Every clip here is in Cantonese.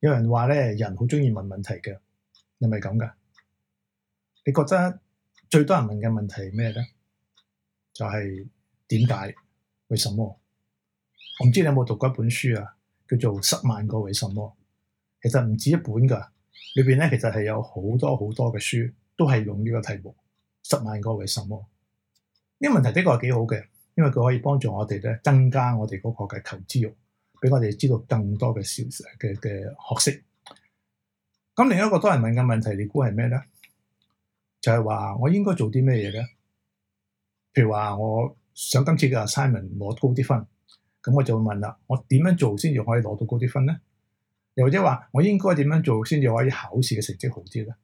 有人話咧，人好中意問問題嘅，係咪咁噶？你覺得最多人問嘅問題係咩咧？就係點解？為什麼？我唔知你有冇讀過一本書啊，叫做《十萬個為什麼》。其實唔止一本噶，裏邊咧其實係有好多好多嘅書，都係用呢個題目《十萬個為什麼》。呢個問題的確係幾好嘅，因為佢可以幫助我哋咧增加我哋嗰個嘅求知慾。俾我哋知道更多嘅消息嘅嘅學識。咁另一個多人問嘅問題，你估係咩咧？就係話我應該做啲咩嘢咧？譬如話我想今次嘅 assignment 攞高啲分，咁我就會問啦，我點樣做先至可以攞到高啲分咧？又或者話我應該點樣做先至可以考試嘅成績好啲咧？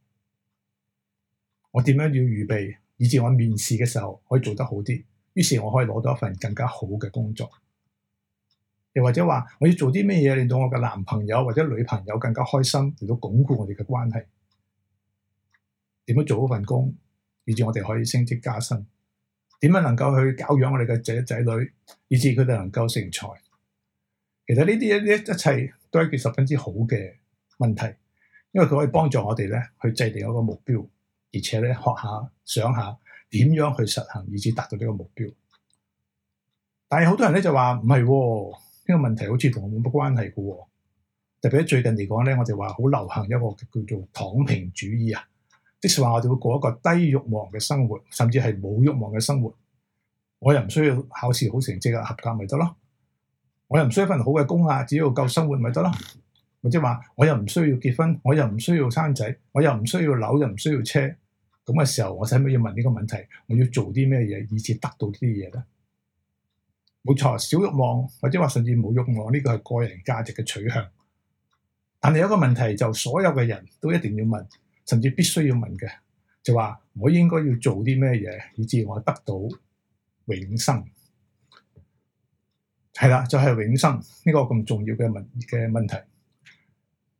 我點樣要預備，以至我面試嘅時候可以做得好啲，於是我可以攞到一份更加好嘅工作。又或者話我要做啲咩嘢，令到我嘅男朋友或者女朋友更加開心，嚟到鞏固我哋嘅關係。點樣做好份工，以至我哋可以升職加薪？點樣能夠去教養我哋嘅仔仔女，以至佢哋能夠成才？其實呢啲一啲一切都係件十分之好嘅問題，因為佢可以幫助我哋咧去制定一個目標，而且咧學下、想下點樣去實行，以至達到呢個目標。但係好多人咧就話唔係喎。呢個問題好似同我冇乜關係嘅喎，特別喺最近嚟講咧，我哋話好流行一個叫做躺平主義啊，即是話我哋會過一個低欲望嘅生活，甚至係冇欲望嘅生活。我又唔需要考試好成績啊，合格咪得咯。我又唔需要一份好嘅工啊，只要夠生活咪得咯。或者話我又唔需要結婚，我又唔需要生仔，我又唔需要樓，又唔需要車。咁嘅時候，我使唔使要問呢個問題？我要做啲咩嘢，以至得到呢啲嘢咧？冇錯，少欲望或者話甚至冇欲望，呢、這個係個人價值嘅取向。但係有一個問題，就所有嘅人都一定要問，甚至必須要問嘅，就話我應該要做啲咩嘢，以至我得到永生。係啦，就係、是、永生呢個咁重要嘅問嘅問題。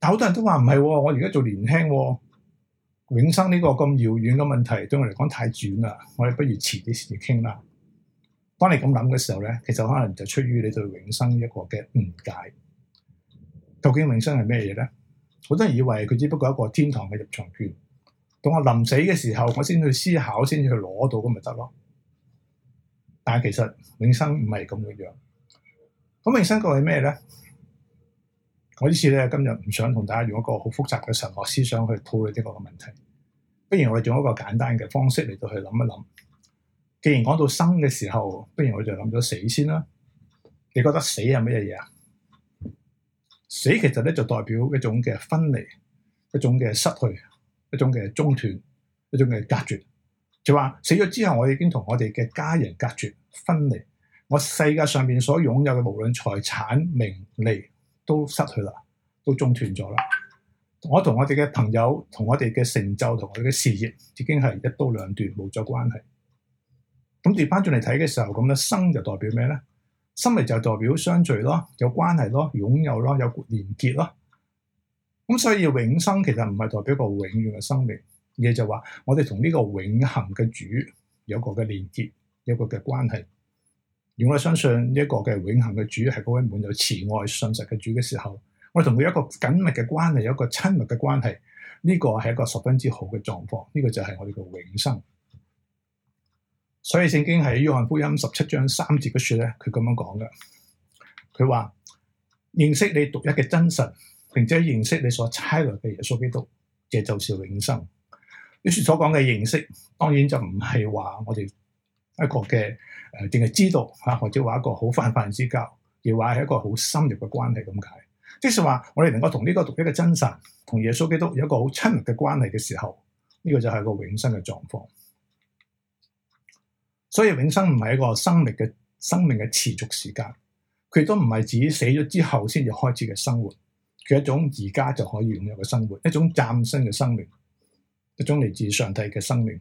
但好多人都話唔係，我而家做年輕、哦，永生呢個咁遙遠嘅問題對我嚟講太遠啦，我哋不如遲啲時傾啦。當你咁諗嘅時候咧，其實可能就出於你對永生一個嘅誤解。究竟永生係咩嘢咧？好多人以為佢只不過一個天堂嘅入場券。當我臨死嘅時候，我先去思考，先至去攞到咁咪得咯。但係其實永生唔係咁嘅樣。咁永生究竟咩咧？我呢次咧今日唔想同大家用一個好複雜嘅神學思想去討論呢個問題。不如我哋用一個簡單嘅方式嚟到去諗一諗。既然講到生嘅時候，不如我就諗咗死先啦。你覺得死係乜嘢嘢啊？死其實咧就代表一種嘅分離，一種嘅失去，一種嘅中斷，一種嘅隔絕。就話、是、死咗之後，我已經同我哋嘅家人隔絕、分離。我世界上面所擁有嘅無論財產、名利都失去啦，都中斷咗啦。我同我哋嘅朋友、同我哋嘅成就、同我哋嘅事業已經係一刀兩斷，冇咗關係。咁跌翻轉嚟睇嘅時候，咁咧生就代表咩咧？生咪就代表相聚咯，有關係咯，擁有咯，有連結咯。咁所以永生其實唔係代表個永遠嘅生命，而就話我哋同呢個永恆嘅主有個嘅連結，有個嘅關係。而我哋相信呢一個嘅永恆嘅主係嗰位滿有慈愛、信實嘅主嘅時候，我哋同佢一個緊密嘅關係，有一個親密嘅關係。呢個係一個十分之好嘅狀況。呢個就係我哋嘅永生。所以聖經喺約翰福音十七章三節嗰處咧，佢咁樣講嘅。佢話，認識你獨一嘅真實，並且認識你所差來嘅耶穌基督，這就是永生。呢處所講嘅認識，當然就唔係話我哋一個嘅誒，淨、呃、係知道吓，或者話一個好泛泛之交，而話係一個好深入嘅關係咁解。即係話，我哋能夠同呢個獨一嘅真實、同耶穌基督有一個好親密嘅關係嘅時候，呢、這個就係一個永生嘅狀況。所以永生唔係一個生命嘅生命嘅持續時間，佢都唔係自己死咗之後先至開始嘅生活，佢係一種而家就可以擁有嘅生活，一種嶄新嘅生命，一種嚟自上帝嘅生命，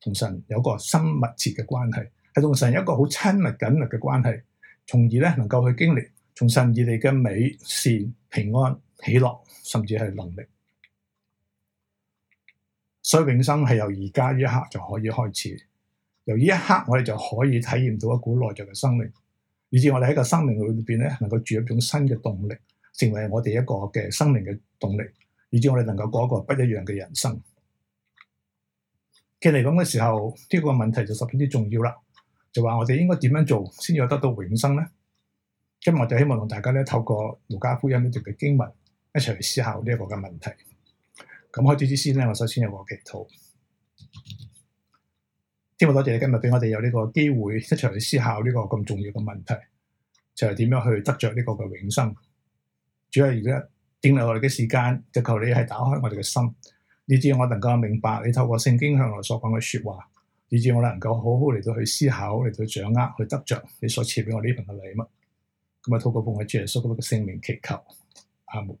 同神有個深密切嘅關係，係同神有一個好親密緊密嘅關係，從而咧能夠去經歷從神而嚟嘅美善、平安、喜樂，甚至係能力。所以永生係由而家呢一刻就可以開始。由呢一刻，我哋就可以體驗到一股內在嘅生命，以至我哋喺個生命裏邊咧，能夠注入一種新嘅動力，成為我哋一個嘅生命嘅動力，以至我哋能夠過一個不一樣嘅人生。其實嚟講嘅時候，呢、呢個問題就十分之重要啦，就話我哋應該點樣做先至有得到永生咧？今日我就希望同大家咧，透過路加福音呢段嘅經文，一齊去思考呢一個嘅問題。咁開始之先咧，我首先有個祈禱。天父，多謝你今日俾我哋有呢個機會一齊去思考呢個咁重要嘅問題，就係點樣去得着呢個嘅永生。主要啊，而家剩留我哋嘅時間，就求你係打開我哋嘅心，以致我能夠明白你透過聖經向我所講嘅說話，以致我哋能夠好好嚟到去思考，嚟到去掌握，去得着你所賜俾我呢份嘅禮物。咁啊，透過奉我主耶穌基督嘅聖名祈求，阿門。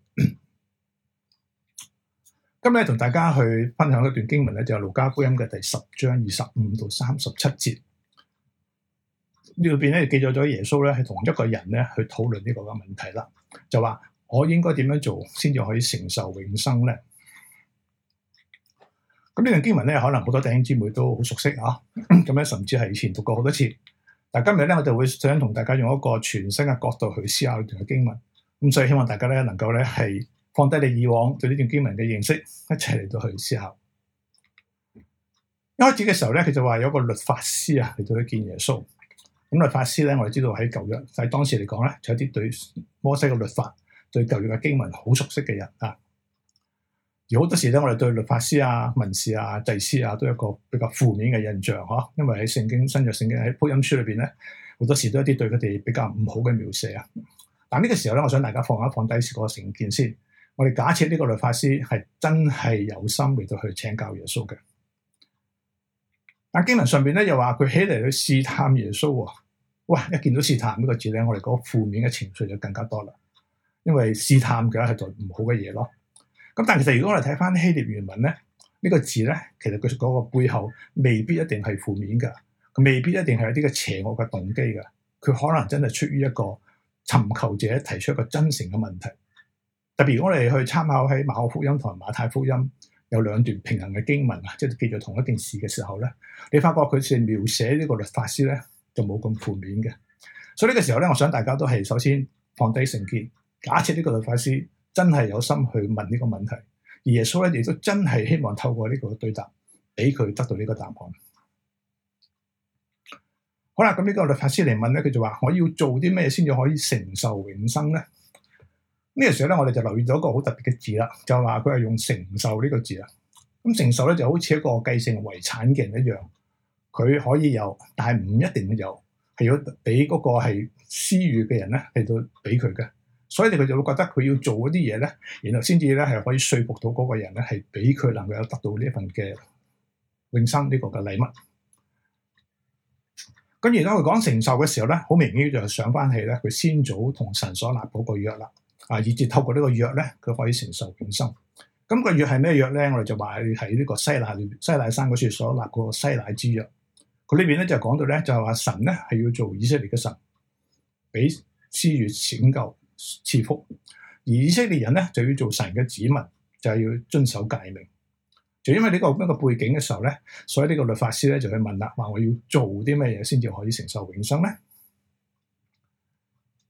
今日同大家去分享一段經文咧、就係，就係路加福音嘅第十章二十五到三十七節。呢度邊咧記載咗耶穌咧係同一個人咧去討論呢個嘅問題啦，就話我應該點樣做先至可以承受永生咧？咁呢段經文咧，可能好多弟兄姊妹都好熟悉啊！咁咧，甚至係以前讀過好多次。但今日咧，我就會想同大家用一個全新嘅角度去思考呢段經文。咁所以希望大家咧能夠咧係。放低你以往對呢段經文嘅認識，一齊嚟到去思考。一開始嘅時候咧，佢就話有個律法師啊嚟到去見耶穌。咁律法師咧，我哋知道喺舊約，喺當時嚟講咧，就有一啲對摩西嘅律法、對舊約嘅經文好熟悉嘅人啊。而好多時咧，我哋對律法師啊、文士啊、祭司啊，都有一個比較負面嘅印象呵。因為喺聖經、新約聖經喺福音書裏邊咧，好多時都有一啲對佢哋比較唔好嘅描寫啊。但呢個時候咧，我想大家放一放低個成見先。我哋假設呢個律法師係真係有心嚟到去請教耶穌嘅，但經文上邊咧又話佢起嚟去試探耶穌、哦。哇！一見到試探呢個字咧，我哋嗰負面嘅情緒就更加多啦。因為試探嘅係做唔好嘅嘢咯。咁但係其實如果我哋睇翻希臘原文咧，呢個字咧，其實佢嗰個背後未必一定係負面噶，未必一定係有啲嘅邪惡嘅動機噶。佢可能真係出於一個尋求者提出一個真誠嘅問題。特別我哋去參考喺馬可福音同馬太福音有兩段平行嘅經文啊，即係記住同一件事嘅時候咧，你發覺佢似描寫呢個律法師咧就冇咁負面嘅，所以呢個時候咧，我想大家都係首先放低成見，假設呢個律法師真係有心去問呢個問題，而耶穌咧亦都真係希望透過呢個對答俾佢得到呢個答案。好啦，咁呢個律法師嚟問咧，佢就話我要做啲咩先至可以承受永生咧？.呢、呢個時候咧，我哋就留意咗一個好特別嘅字啦，就話佢係用承受呢個字啦。咁承受咧就好似一個繼承遺產嘅人一樣，佢可以有，但係唔一定會有，係要俾嗰個係私欲嘅人咧，嚟到俾佢嘅。所以佢就會覺得佢要做嗰啲嘢咧，然後先至咧係可以說服到嗰個人咧，係俾佢能夠有得到呢一份嘅永生呢個嘅禮物。咁而家佢講承受嘅時候咧，好明顯就係上翻去咧，佢先祖同神所立嗰個約啦。啊！以至透過呢個約咧，佢可以承受永生。咁個約係咩約咧？我哋就話喺呢個西乃西乃山嗰處所立個西乃之約。佢呢邊咧就講到咧，就係話神咧係要做以色列嘅神，俾施予拯救、賜福；而以色列人咧就要做神嘅子民，就係要遵守誡命。就因為呢個咁樣嘅背景嘅時候咧，所以呢個律法師咧就去問啦，話我要做啲咩嘢先至可以承受永生咧？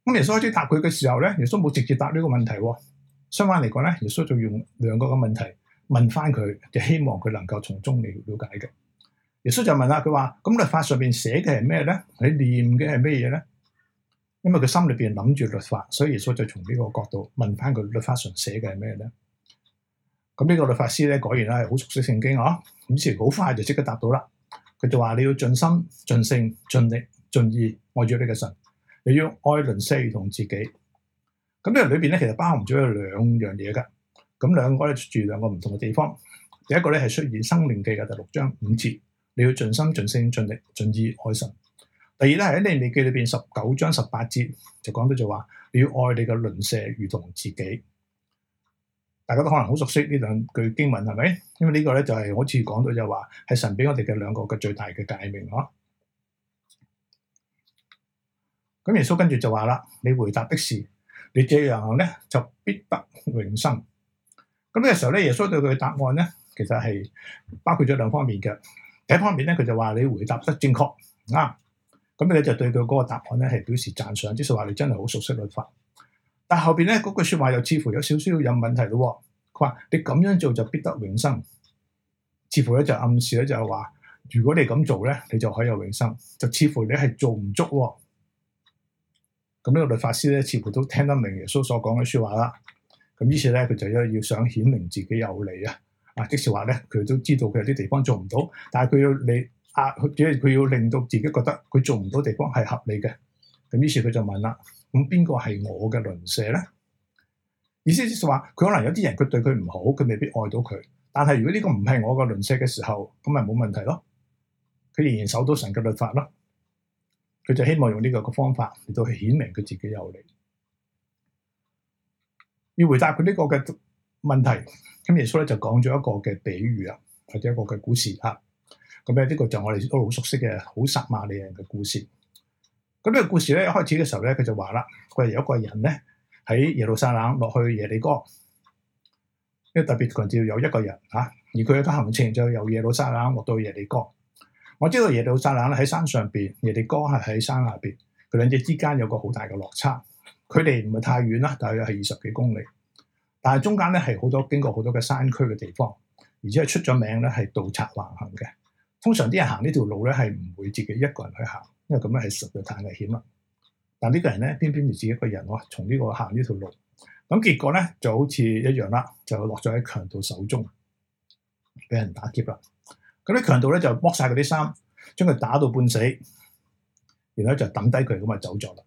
咁耶穌開始答佢嘅時候咧，耶穌冇直接答呢個問題，相反嚟講咧，耶穌就用兩個嘅問題問翻佢，就希望佢能夠從中嚟了解嘅。耶穌就問啦，佢話：咁律法上邊寫嘅係咩咧？你念嘅係咩嘢咧？因為佢心裏邊諗住律法，所以耶穌就從呢個角度問翻佢律法上寫嘅係咩咧？咁呢個律法師咧，果然啦，好熟悉聖經啊，咁自然好快就即刻答到啦。佢就話：你要盡心、盡性、盡力、盡意愛住呢個神。你要愛鄰舍如同自己，咁呢個裏邊咧，其實包含咗有兩樣嘢嘅。咁兩個咧住兩個唔同嘅地方。第一個咧係出現《申命記》嘅第六章五節，你要盡心、盡性、盡力、盡意愛神。第二咧係喺《利未記》裏邊十九章十八節就講到就話，你要愛你嘅鄰舍如同自己。大家都可能好熟悉呢兩句經文，係咪？因為呢個咧就係好似講到就話係神俾我哋嘅兩個嘅最大嘅誡命呵。咁耶穌跟住就話啦：你回答的是你這樣行咧，就必得永生。咁呢個時候咧，耶穌對佢嘅答案咧，其實係包括咗兩方面嘅。第一方面咧，佢就話你回答得正確啊咁你咧就對佢嗰個答案咧係表示讚賞，即係話你真係好熟悉律法。但後邊咧嗰句說話又似乎有少少有問題咯。佢話你咁樣做就必得永生，似乎咧就暗示咧就係話如果你咁做咧，你就可以有永生，就似乎你係做唔足的。咁、這、呢個律法師咧，似乎都聽得明耶穌所講嘅說話啦。咁於是咧，佢就因為要想顯明自己有理啊，啊，即是話咧，佢都知道佢有啲地方做唔到，但係佢要你只係佢要令到自己覺得佢做唔到地方係合理嘅。咁於是佢就問啦：咁邊個係我嘅鄰舍咧？意思即是話，佢可能有啲人佢對佢唔好，佢未必愛到佢。但係如果呢個唔係我嘅鄰舍嘅時候，咁咪冇問題咯。佢仍然守到神嘅律法咯。佢就希望用呢個嘅方法嚟到去顯明佢自己有理。要回答佢呢個嘅問題，咁耶穌咧就講咗一個嘅比喻啊，或者一個嘅故事吓。咁咧呢個就我哋都好熟悉嘅，好撒瑪利亞人嘅故事。咁、這、呢、個這個故事咧一開始嘅時候咧，佢就話啦，佢係有一個人咧喺耶路撒冷落去耶利哥，因為特別關鍵要有一個人吓，而佢嘅行程就由耶路撒冷落到耶利哥。我知道耶路撒冷咧喺山上邊，耶利哥係喺山下邊，佢兩隻之間有一個好大嘅落差。距離唔係太遠啦，大約係二十幾公里。但係中間咧係好多經過好多嘅山區嘅地方，而且係出咗名咧係盜賊橫行嘅。通常啲人行呢條路咧係唔會自己一個人去行，因為咁樣係實在太危險啦。但呢個人咧偏偏自己一個人喎，從呢個行呢條路，咁結果咧，就好似一樣啦，就落咗喺強盜手中，俾人打劫啦。嗰啲強盜咧就剝晒佢啲衫，將佢打到半死，然後就抌低佢咁就走咗啦。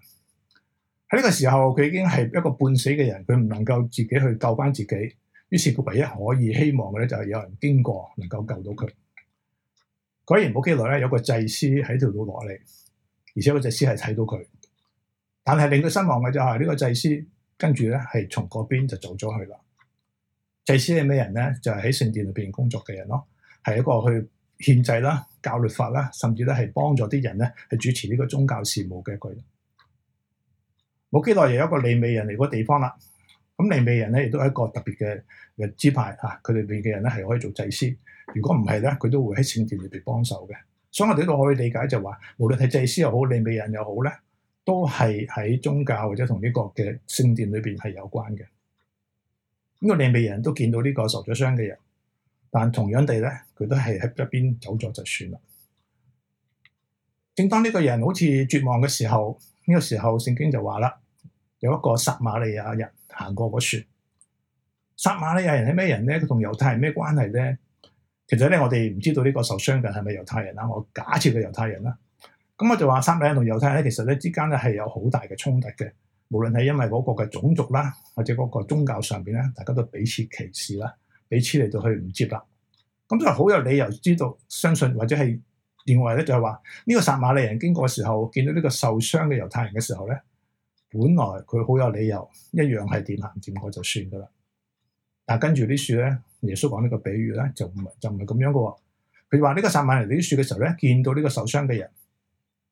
喺呢個時候，佢已經係一個半死嘅人，佢唔能夠自己去救翻自己，於是佢唯一可以希望嘅咧就係有人經過能夠救到佢。果然冇幾耐咧，有個祭司喺條路落嚟，而且個祭司係睇到佢，但係令佢失望嘅就係呢個祭司跟住咧係從嗰邊就走咗去啦。祭司係咩人咧？就係喺聖殿裏邊工作嘅人咯，係一個去。限制啦、教律法啦，甚至咧係幫助啲人咧，係主持呢個宗教事務嘅一個。冇幾耐又有一個利美人嚟個地方啦。咁利美人咧亦都係一個特別嘅嘅支派吓，佢哋邊嘅人咧係可以做祭司。如果唔係咧，佢都會喺聖殿裏邊幫手嘅。所以我哋都可以理解就話，無論係祭司又好，利美人又好咧，都係喺宗教或者同呢個嘅聖殿裏邊係有關嘅。咁、這個利美人都見到呢個受咗傷嘅人。但同樣地咧，佢都係喺一邊走咗就算啦。正當呢個人好似絕望嘅時候，呢、呢個時候聖經就話啦，有一個撒瑪利亞人行過個船。撒瑪利亞人係咩人咧？佢同猶太係咩關係咧？其實咧，我哋唔知道呢個受傷嘅係咪猶太人啦，我假設佢猶太人啦。咁我就話撒瑪利亞同猶太咧，其實咧之間咧係有好大嘅衝突嘅，無論係因為嗰個嘅種族啦，或者嗰個宗教上面咧，大家都彼此歧視啦。彼此嚟到去唔接啦，咁都係好有理由知道相信或者係認為咧，就係話呢個撒瑪利亞人經過嘅時候，見到呢個受傷嘅猶太人嘅時候咧，本來佢好有理由一樣係點行點過就算噶啦。但跟住啲樹咧，耶穌講呢個比喻咧，就唔係就唔係咁樣噶。佢話呢個撒瑪利亞啲樹嘅時候咧，見到呢個受傷嘅人，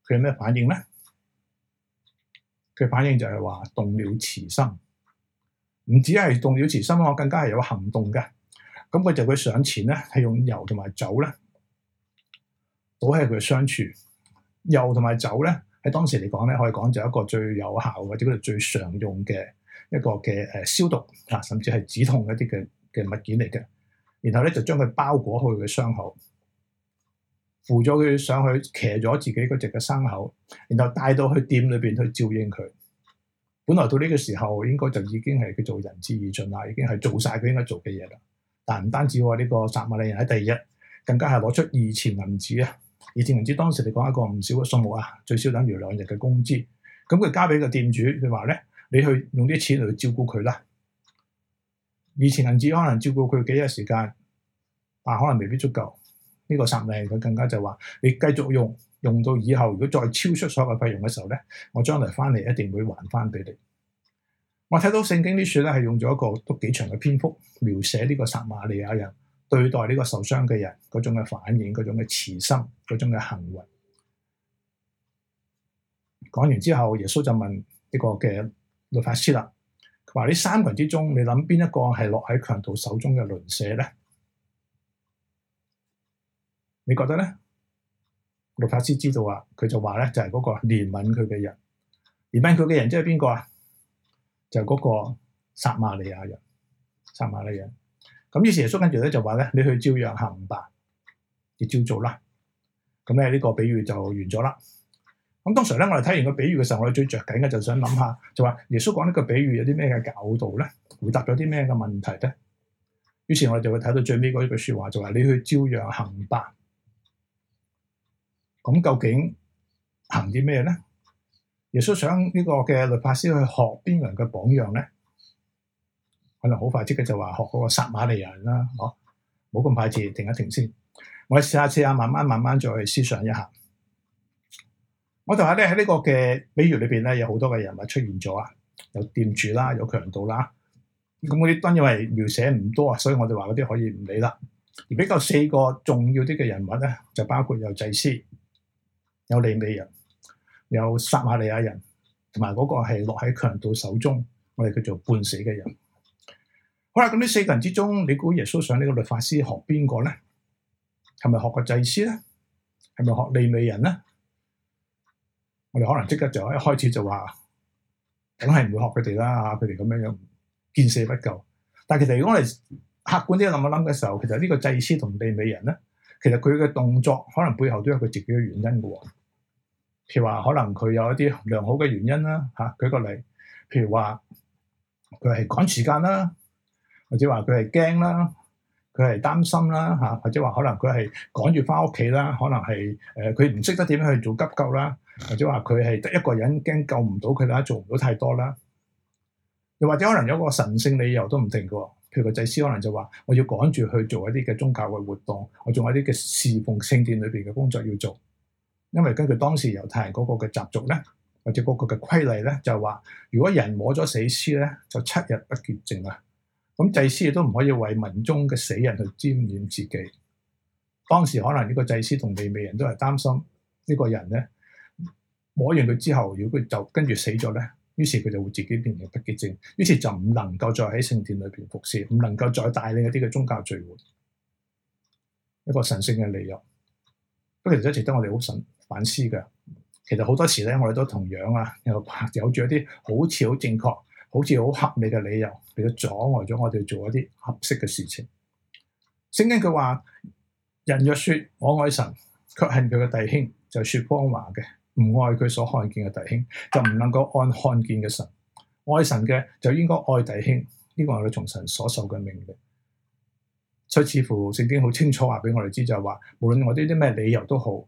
佢有咩反應咧？佢反應就係話動了慈心，唔止係動了慈心，我更加係有行動嘅。咁佢就會上前咧，係用油同埋酒咧，倒喺佢嘅傷處。油同埋酒咧，喺當時嚟講咧，可以講就一個最有效或者嗰度最常用嘅一個嘅消毒，甚至係止痛一啲嘅嘅物件嚟嘅。然後咧就將佢包裹去佢嘅傷口，扶咗佢上去，騎咗自己嗰隻嘅牲口，然後帶到去店裏面去照應佢。本來到呢個時候應該就已經係佢做仁至義盡啦，已經係做晒佢應該做嘅嘢啦。唔單止喎，呢、這個撒瑪利人喺第二日更加係攞出二錢銀子啊！二錢銀子當時嚟講一個唔少嘅數目啊，最少等於兩日嘅工資。咁佢交俾個店主，佢話咧：你去用啲錢嚟照顧佢啦。二錢銀子可能照顧佢幾日時間，但可能未必足夠。呢、這個撒瑪利人佢更加就話：你繼續用用到以後，如果再超出所有嘅費用嘅時候咧，我將來翻嚟一定會還翻俾你。我睇到聖經呢處咧，係用咗一個都幾長嘅篇幅描寫呢個撒瑪利亞人對待呢個受傷嘅人嗰種嘅反應、嗰種嘅慈心、嗰種嘅行為。講完之後，耶穌就問呢個嘅律法師啦，話呢三個人之中，你諗邊一個係落喺強盜手中嘅鄰舍咧？你覺得咧？律法師知道啊，佢就話咧，就係嗰個憐憫佢嘅人。憐憫佢嘅人即係邊個啊？就嗰、是、個撒瑪利亞人，撒瑪利亞，咁於是耶穌跟住咧就話咧，你去照樣行吧，你照做啦。咁咧呢個比喻就完咗啦。咁當時咧我哋睇完個比喻嘅時候，我哋最着緊嘅就想諗下，就話、是、耶穌講呢個比喻有啲咩嘅教導咧？回答咗啲咩嘅問題咧？於是我哋就會睇到最尾嗰句說話、就是，就話你去照樣行吧。咁究竟行啲咩咧？耶穌想呢個嘅律法師去學邊個人嘅榜樣咧？可能好快即刻就話學嗰個撒瑪利亞人啦，嗬、哦，冇咁快字，停一停先，我哋試下試下，慢慢慢慢再去思想一下。我就話咧，喺呢個嘅比喻裏邊咧，有好多嘅人物出現咗啦，有店主啦，有強盜啦。咁嗰啲當然係描寫唔多啊，所以我哋話嗰啲可以唔理啦。而比較四個重要啲嘅人物咧，就包括有祭司、有利未人。有撒瑪利亞人，同埋嗰個係落喺強盜手中，我哋叫做半死嘅人。好啦，咁呢四個人之中，你估耶穌想呢個律法師學邊個咧？係咪學個祭司咧？係咪學利未人咧？我哋可能即刻就一開始就話，梗係唔會學佢哋啦。吓，佢哋咁樣樣見死不救。但係其實如果我哋客觀啲諗一諗嘅時候，其實呢個祭司同利未人咧，其實佢嘅動作可能背後都有佢自己嘅原因嘅。譬如話，可能佢有一啲良好嘅原因啦，嚇舉個例，譬如話佢係趕時間啦，或者話佢係驚啦，佢係擔心啦，嚇或者話可能佢係趕住返屋企啦，可能係誒佢唔識得點樣去做急救啦，或者話佢係得一個人驚救唔到佢啦，做唔到太多啦，又或者可能有個神聖理由都唔定嘅，譬如個祭司可能就話我要趕住去做一啲嘅宗教嘅活動，我仲有一啲嘅侍奉聖殿裏邊嘅工作要做。因為根據當時猶太人嗰個嘅習俗咧，或者嗰個嘅規例咧，就係話，如果人摸咗死屍咧，就七日不潔淨啦。咁祭司亦都唔可以為民眾嘅死人去沾染自己。當時可能呢個祭司同利未人都係擔心呢個人咧摸完佢之後，如果就跟住死咗咧，於是佢就會自己變成不潔淨，於是就唔能夠再喺聖殿裏面服侍，唔能夠再帶領一啲嘅宗教聚會。一個神聖嘅理由。不過其實一直得我哋好神。反思嘅，其實好多時咧，我哋都同樣啊，有有住一啲好似好正確、好似好合理嘅理由，俾阻礙咗我哋做一啲合適嘅事情。聖經佢話：人若說我愛神，卻恨佢嘅弟兄，就是、說謊話嘅；唔愛佢所看見嘅弟兄，就唔能夠按看見嘅神。愛神嘅就應該愛弟兄，呢、這個係我哋從神所受嘅命令。所以似乎聖經好清楚話俾我哋知，就係、是、話，無論我哋啲咩理由都好。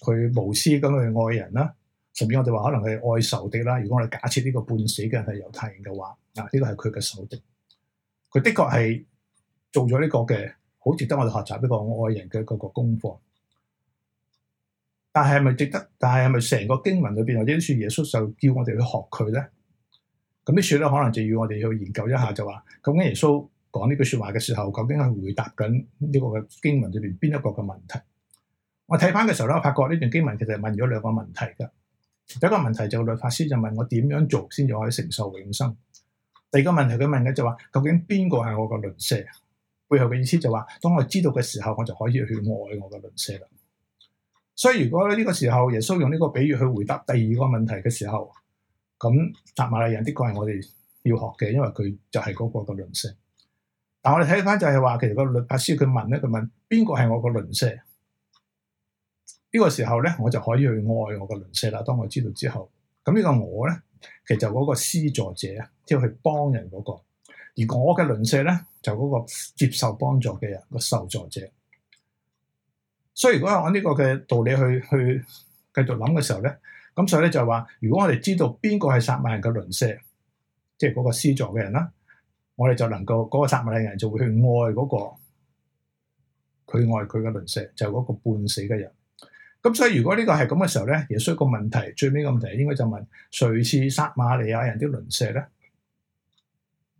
佢無私咁去愛人啦，甚至我哋話可能係愛仇敵啦。如果我哋假設呢個半死嘅人係猶太人嘅話，嗱、這、呢個係佢嘅仇敵，佢的確係做咗呢、這個嘅，好值得我哋學習。呢個我愛人嘅嗰個功課，但係係咪值得？但係係咪成個經文裏邊或者啲書耶穌就叫我哋去學佢咧？咁啲書咧可能就要我哋去研究一下，就說究竟耶穌說這話咁跟耶穌講呢句説話嘅時候，究竟係回答緊呢個經文裏邊邊一個嘅問題？我睇翻嘅時候咧，我發覺呢段經文其實問咗兩個問題噶。第一個問題就是律法師就問我點樣做先至可以承受永生。第二個問題佢問嘅就話，究竟邊個係我個鄰舍？背後嘅意思就話、是，當我知道嘅時候，我就可以去愛我嘅鄰舍啦。所以如果呢個時候耶穌用呢個比喻去回答第二個問題嘅時候，咁撒瑪利亞人的確係我哋要學嘅，因為佢就係嗰個個鄰舍。但我哋睇翻就係話，其實個律法師佢問咧，佢問邊個係我個鄰舍？呢、這個時候咧，我就可以去愛我個鄰舍啦。當我知道之後，咁呢個我咧，其實嗰個施助者啊，要、就是、去幫人嗰、那個；而我嘅鄰舍咧，就嗰、是、個接受幫助嘅人，那個受助者。所以如果按呢個嘅道理去去繼續諗嘅時候咧，咁所以咧就係話，如果我哋知道邊個係撒瑪利亞人嘅鄰舍，即係嗰個施助嘅人啦，我哋就能夠嗰、那個撒瑪利亞人嘅人就會去愛嗰、那個佢愛佢嘅鄰舍，就嗰、是、個半死嘅人。咁、嗯、所以如果呢個係咁嘅時候咧，耶穌個問題，最尾個問題應該就問誰是撒瑪利亞人啲鄰舍咧？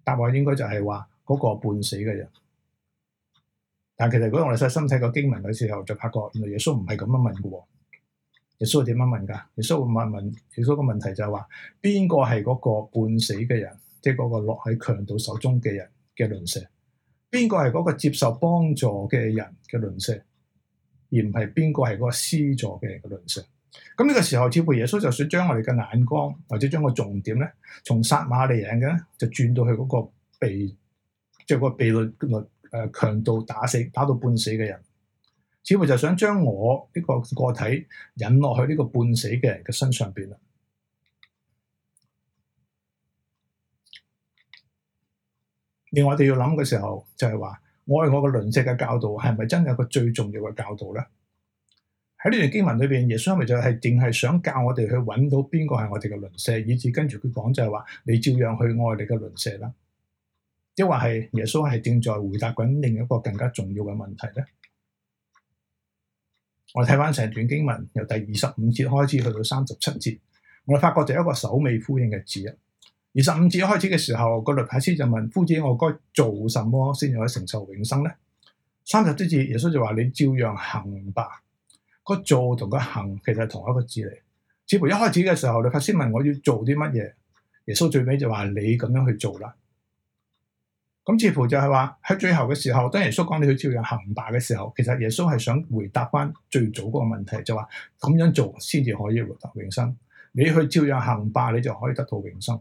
答案應該就係話嗰個半死嘅人。但其實如果我哋細心睇個經文嘅時候，就發覺原來耶穌唔係咁樣問嘅。耶穌會點樣問噶？耶穌會問問，耶穌個問題就係話邊個係嗰個半死嘅人，即係嗰個落喺強盜手中嘅人嘅鄰舍？邊個係嗰個接受幫助嘅人嘅鄰舍？而唔係邊個係個施助嘅人嘅論上，咁呢個時候，似乎耶穌就想將我哋嘅眼光或者將個重點咧，從撒瑪利亞嘅就轉到去嗰個被著、就是、個被掠掠誒強盜打死打到半死嘅人，似乎就想將我呢個個體引落去呢個半死嘅人嘅身上邊啦。另外我哋要諗嘅時候就係話。我愛我個鄰舍嘅教導係咪真有個最重要嘅教導咧？喺呢段經文裏邊，耶穌係咪就係淨係想教我哋去搵到邊個係我哋嘅鄰舍，以致跟住佢講就係話你照樣去愛你嘅鄰舍啦？亦或係耶穌係正在回答緊另一個更加重要嘅問題咧？我哋睇翻成段經文，由第二十五節開始，去到三十七節，我哋發覺就係一個首尾呼應嘅字啊！二十五節開始嘅時候，個律法師就問夫子：我該做什麼先至可以承受永生呢？三十節，耶穌就話：你照樣行吧。個做同個行其實係同一個字嚟。似乎一開始嘅時候，律法師問我要做啲乜嘢，耶穌最尾就話：你咁樣去做啦。咁似乎就係話喺最後嘅時候，當耶穌講你去照樣行吧嘅時候，其實耶穌係想回答翻最早嗰個問題，就話咁樣做先至可以回答永生。你去照樣行吧，你就可以得到永生。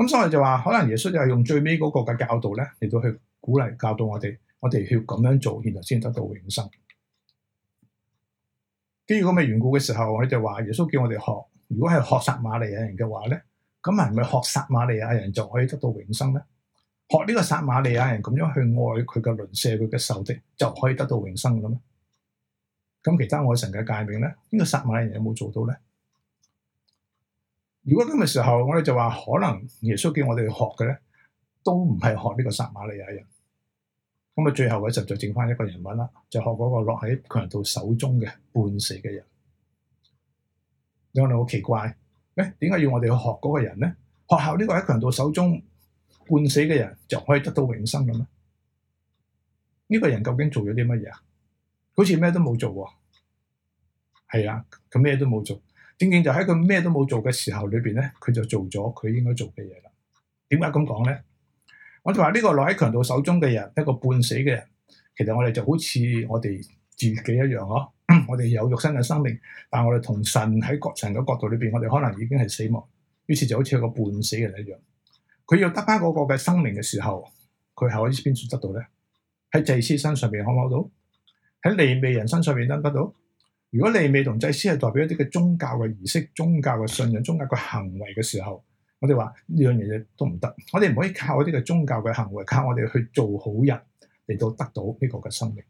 咁所以就話，可能耶穌就係用最尾嗰個嘅教導咧，嚟到去鼓勵教導我哋，我哋要咁樣做，然後先得到永生。基於咁嘅緣故嘅時候，我哋就話，耶穌叫我哋學，如果係學撒瑪利亞人嘅話咧，咁係咪學撒瑪利亞人就可以得到永生咧？學呢個撒瑪利亞人咁樣去愛佢嘅鄰舍、佢嘅仇敵，就可以得到永生嘅咩？」咁其他愛神嘅誡命咧，呢、這個撒瑪利亞人有冇做到咧？如果今日時候，我哋就話可能耶穌叫我哋學嘅咧，都唔係學呢個撒瑪利亞人。咁啊，最後嗰陣就剩翻一個人物啦，就學嗰個落喺強盜手中嘅半死嘅人。你哋好奇怪，誒，點解要我哋去學嗰個人咧？學校呢個喺強盜手中半死嘅人，就可以得到永生嘅咩？呢、這個人究竟做咗啲乜嘢啊？好似咩都冇做，係啊，佢咩都冇做。正正就喺佢咩都冇做嘅時候裏邊咧，佢就做咗佢應該做嘅嘢啦。點解咁講咧？我就話呢個落喺強盜手中嘅人，一個半死嘅人，其實我哋就好似我哋自己一樣嗬。我哋有肉身嘅生命，但係我哋同神喺各神嘅角度裏邊，我哋可能已經係死亡。於是就好似一個半死嘅人一樣，佢要得翻嗰個嘅生命嘅時候，佢係可以邊處得到咧？喺祭司身上邊可唔可到？喺利未人身上邊得唔得到？如果利未同祭司係代表一啲嘅宗教嘅儀式、宗教嘅信仰、宗教嘅行為嘅時候，我哋話呢樣嘢嘢都唔得，我哋唔可以靠一啲嘅宗教嘅行為靠我哋去做好人嚟到得到呢個嘅生命。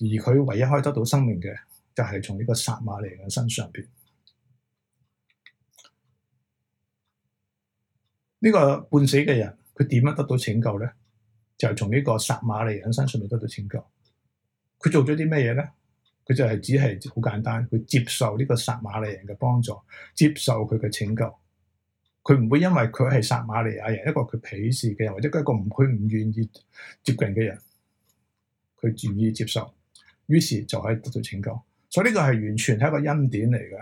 而佢唯一可以得到生命嘅，就係從呢個撒瑪利亞人身上邊。呢、這個半死嘅人，佢點樣得到拯救咧？就係、是、從呢個撒瑪利亞人身上面得到拯救。佢做咗啲咩嘢咧？佢就係只係好簡單，佢接受呢個撒瑪利亞人嘅幫助，接受佢嘅拯救。佢唔會因為佢係撒瑪利亞人，一個佢鄙視嘅人，或者佢一個唔佢唔願意接近嘅人，佢願意接受。於是就可以得到拯救。所以呢個係完全係一個恩典嚟嘅。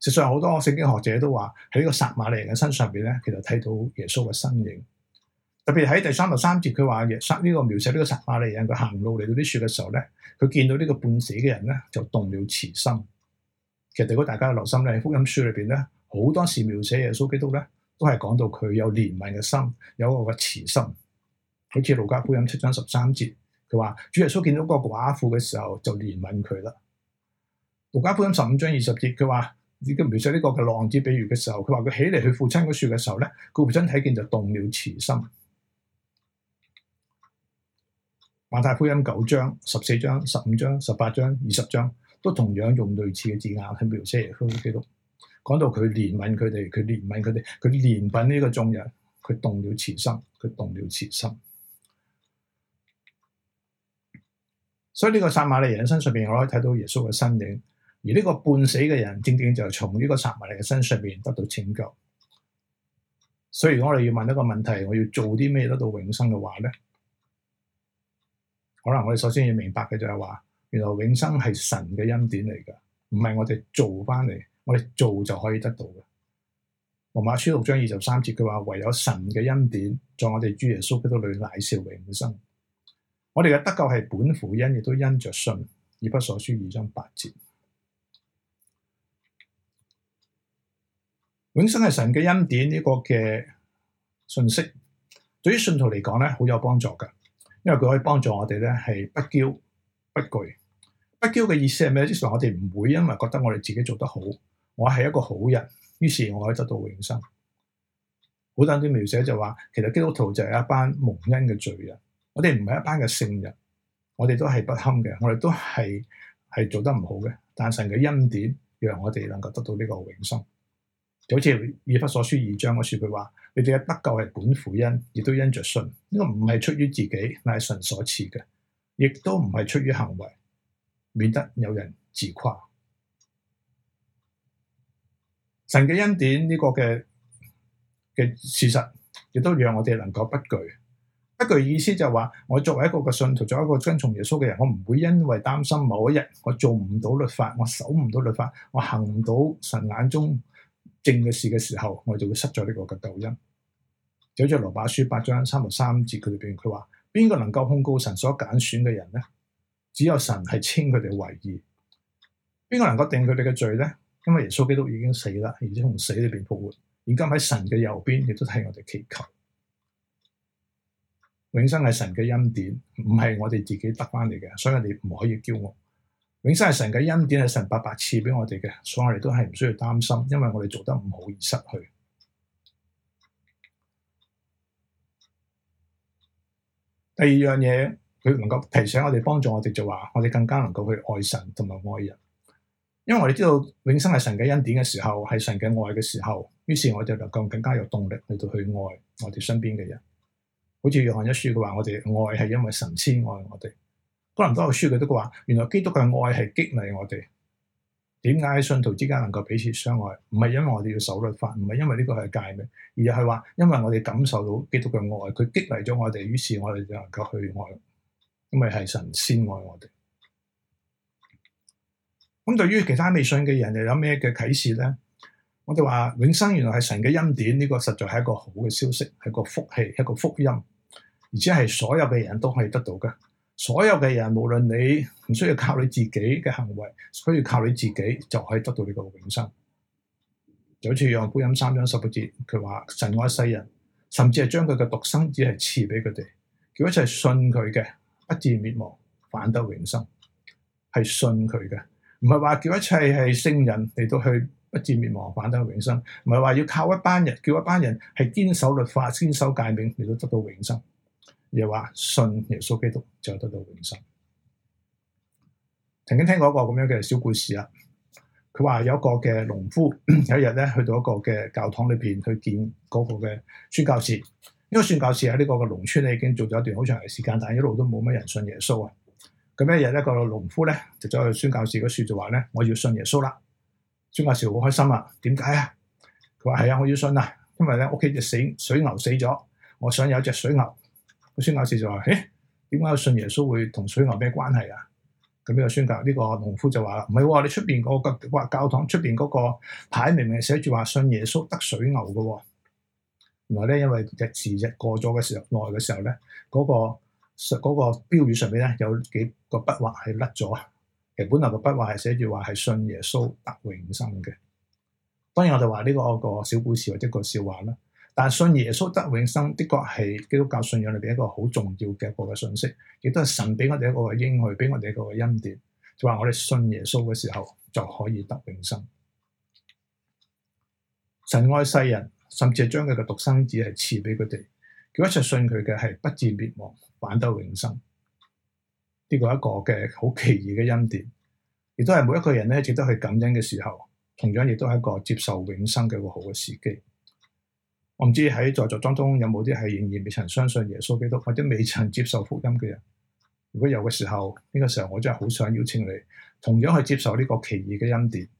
實際上，好多聖經學者都話喺呢個撒瑪利亞人嘅身上邊咧，其實睇到耶穌嘅身影。特別喺第三十三節，佢話耶穌呢個描寫呢個撒馬利亞人，佢行路嚟到啲樹嘅時候咧，佢見到呢個半死嘅人咧，就動了慈心。其實如果大家留心咧，福音書裏邊咧好多時描寫耶穌基督咧，都係講到佢有憐憫嘅心，有個嘅慈心。好似路加福音七章十三節，佢話主耶穌見到個寡婦嘅時候就憐憫佢啦。路加福音十五章二十節，佢話呢個描寫呢個嘅浪子比喻嘅時候，佢話佢起嚟去父親嗰樹嘅時候咧，佢父親睇見就動了慈心。馬太福音九章、十四章、十五章、十八章、二十章，都同樣用類似嘅字眼，譬如即係耶穌講到佢憐憫佢哋，佢憐憫佢哋，佢憐憫呢個眾人，佢動了慈心，佢動了慈心。所以呢個撒馬利人身上邊，我可以睇到耶穌嘅身影；而呢個半死嘅人，正正就係從呢個撒馬利嘅身上邊得到拯救。所以如果我哋要問一個問題，我要做啲咩得到永生嘅話咧？可能我哋首先要明白嘅就係話，原來永生係神嘅恩典嚟噶，唔係我哋做翻嚟，我哋做就可以得到嘅。羅馬書六章二十三節，佢話唯有神嘅恩典，在我哋主耶穌基督裏，乃笑永生。我哋嘅得救係本乎恩，亦都因着信，以弗所書二章八節。永生係神嘅恩典呢個嘅信息，對於信徒嚟講咧，好有幫助噶。因為佢可以幫助我哋咧，係不驕不懼。不驕嘅意思係咩？即係我哋唔會因為覺得我哋自己做得好，我係一個好人，於是我可以得到永生。好簡單描寫就話，其實基督徒就係一班蒙恩嘅罪人。我哋唔係一班嘅聖人，我哋都係不堪嘅，我哋都係係做得唔好嘅。但神嘅恩典讓我哋能夠得到呢個永生。就好似以弗所書二章嗰句說話。你哋嘅得救係本乎恩，亦都因着信呢、這個唔係出於自己，乃係神所賜嘅，亦都唔係出於行為，免得有人自誇。神嘅恩典呢個嘅嘅事實，亦都讓我哋能夠不懼。不懼意思就係話，我作為一個嘅信徒，作為一個跟從耶穌嘅人，我唔會因為擔心某一日我做唔到律法，我守唔到律法，我行唔到神眼中正嘅事嘅時候，我就會失咗呢個嘅救恩。有只羅馬書八章三十三節，佢裏邊佢話，邊個能夠控告神所揀選嘅人咧？只有神係稱佢哋為義。邊個能夠定佢哋嘅罪咧？因為耶穌基督已經死啦，而且從死裏邊復活，而家喺神嘅右邊，亦都替我哋祈求。永生係神嘅恩典，唔係我哋自己得返嚟嘅，所以你唔可以驕傲。永生係神嘅恩典，係神白白賜俾我哋嘅，所以我哋都係唔需要擔心，因為我哋做得唔好而失去。第二樣嘢，佢能夠提醒我哋，幫助我哋，就話我哋更加能夠去愛神同埋愛人，因為我哋知道永生係神嘅恩典嘅時候，係神嘅愛嘅時候，於是我哋能夠更加有動力去到去愛我哋身邊嘅人。好似約翰一書嘅話，我哋愛係因為神先愛我哋。哥林多嘅書佢都話，原來基督嘅愛係激勵我哋。點解信徒之間能夠彼此相愛？唔係因為我哋要守律法，唔係因為呢個係戒命，而係話因為我哋感受到基督嘅愛，佢激勵咗我哋，於是我哋就能夠去愛。因為係神先愛我哋。咁對於其他未信嘅人，又有咩嘅啟示咧？我哋話永生原來係神嘅恩典，呢個實在係一個好嘅消息，係個福氣，係個福音，而且係所有嘅人都可以得到嘅。所有嘅人，無論你唔需要靠你自己嘅行為，需要靠你自己就可以得到你個永生。就好似《約翰福音》三章十六節，佢話：他說，神愛世人，甚至係將佢嘅獨生子係賜俾佢哋。叫一切信佢嘅，不至滅亡，反得永生。係信佢嘅，唔係話叫一切係聖人嚟到去不至滅亡，反得永生。唔係話要靠一班人，叫一班人係堅守律法、堅守戒命嚟到得到永生。又話信耶穌基督就得到永生。曾經聽過一個咁樣嘅小故事啊，佢話有一個嘅農夫有一日咧去到一個嘅教堂裏邊去見嗰個嘅宣教士，因為宣教士喺呢個嘅農村咧已經做咗一段好長嘅時間，但係一路都冇乜人信耶穌啊。咁一日咧一個農夫咧就走去宣教士嗰處就話咧，我要信耶穌啦。宣教士好開心啊，點解啊？佢話係啊，我要信啊，因為咧屋企隻死水牛死咗，我想有一隻水牛。宣教士就話：誒，點解信耶穌會同水牛咩關係啊？咁呢個宣教呢、呢個農夫就話啦：唔係、哦，你出邊嗰個話教堂出邊嗰個牌明明寫住話信耶穌得水牛嘅、哦。原來咧，因為日時日過咗嘅時候，耐嘅時候咧，嗰、嗰個個標語上邊咧有幾個筆畫係甩咗。其實本來個筆畫係寫住話係信耶穌得永生嘅。當然我哋話呢個個小故事或者個笑話啦。但信耶穌得永生，的確係基督教信仰裏邊一個好重要嘅一個嘅信息，亦都係神俾我哋一個應許，俾我哋一個嘅恩典，就話我哋信耶穌嘅時候就可以得永生。神愛世人，甚至係將佢嘅獨生子係賜俾佢哋，叫一切信佢嘅係不至滅亡，反得永生。呢個係一個嘅好奇異嘅恩典，亦都係每一個人咧值得去感恩嘅時候，同樣亦都係一個接受永生嘅一個好嘅時機。我唔知喺在,在座當中,中有冇啲係仍然未曾相信耶穌基督或者未曾接受福音嘅人，如果有嘅時候，呢、這個時候我真係好想邀請你，同樣去接受呢個奇異嘅恩典。呢、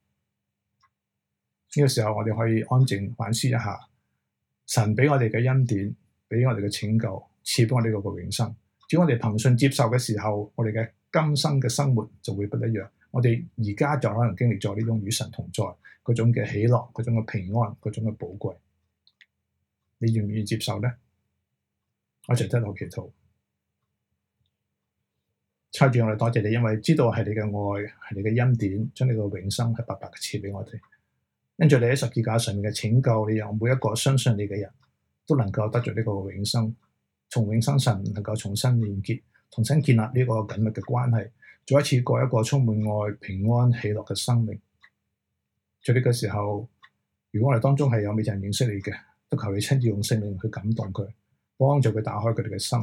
這個時候我哋可以安靜反思一下，神俾我哋嘅恩典，俾我哋嘅拯救，賜俾我哋個永生。只要我哋憑信接受嘅時候，我哋嘅今生嘅生活就會不一樣。我哋而家就可能經歷咗呢種與神同在嗰種嘅喜樂，嗰種嘅平安，嗰種嘅寶貴。你願唔願意接受呢？我淨得到祈禱，差主，我哋多謝你，因為知道係你嘅愛，係你嘅恩典，將你個永生係白白嘅賜俾我哋。跟住你喺十字架上面嘅拯救，你讓每一個相信你嘅人都能夠得着呢個永生，從永生神能夠重新連結，重新建立呢個緊密嘅關係，再一次過一個充滿愛、平安、喜樂嘅生命。在呢個時候，如果我哋當中係有未曾認識你嘅，都求你親自用性命去感動佢，幫助佢打開佢哋嘅心，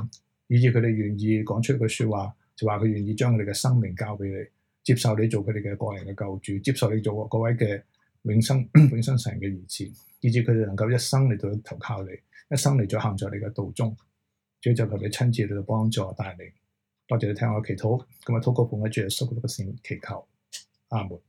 以至佢哋願意講出一句說話，就話佢願意將佢哋嘅生命交俾你，接受你做佢哋嘅個人嘅救主，接受你做各位嘅永生咳咳永生神嘅兒子，以至佢哋能夠一生嚟到投靠你，一生嚟在行在你嘅道中。主要就求你親自嚟到幫助帶你。多謝你聽我的祈禱，咁啊，禱告奉嘅主啊，收佢祈求，阿門。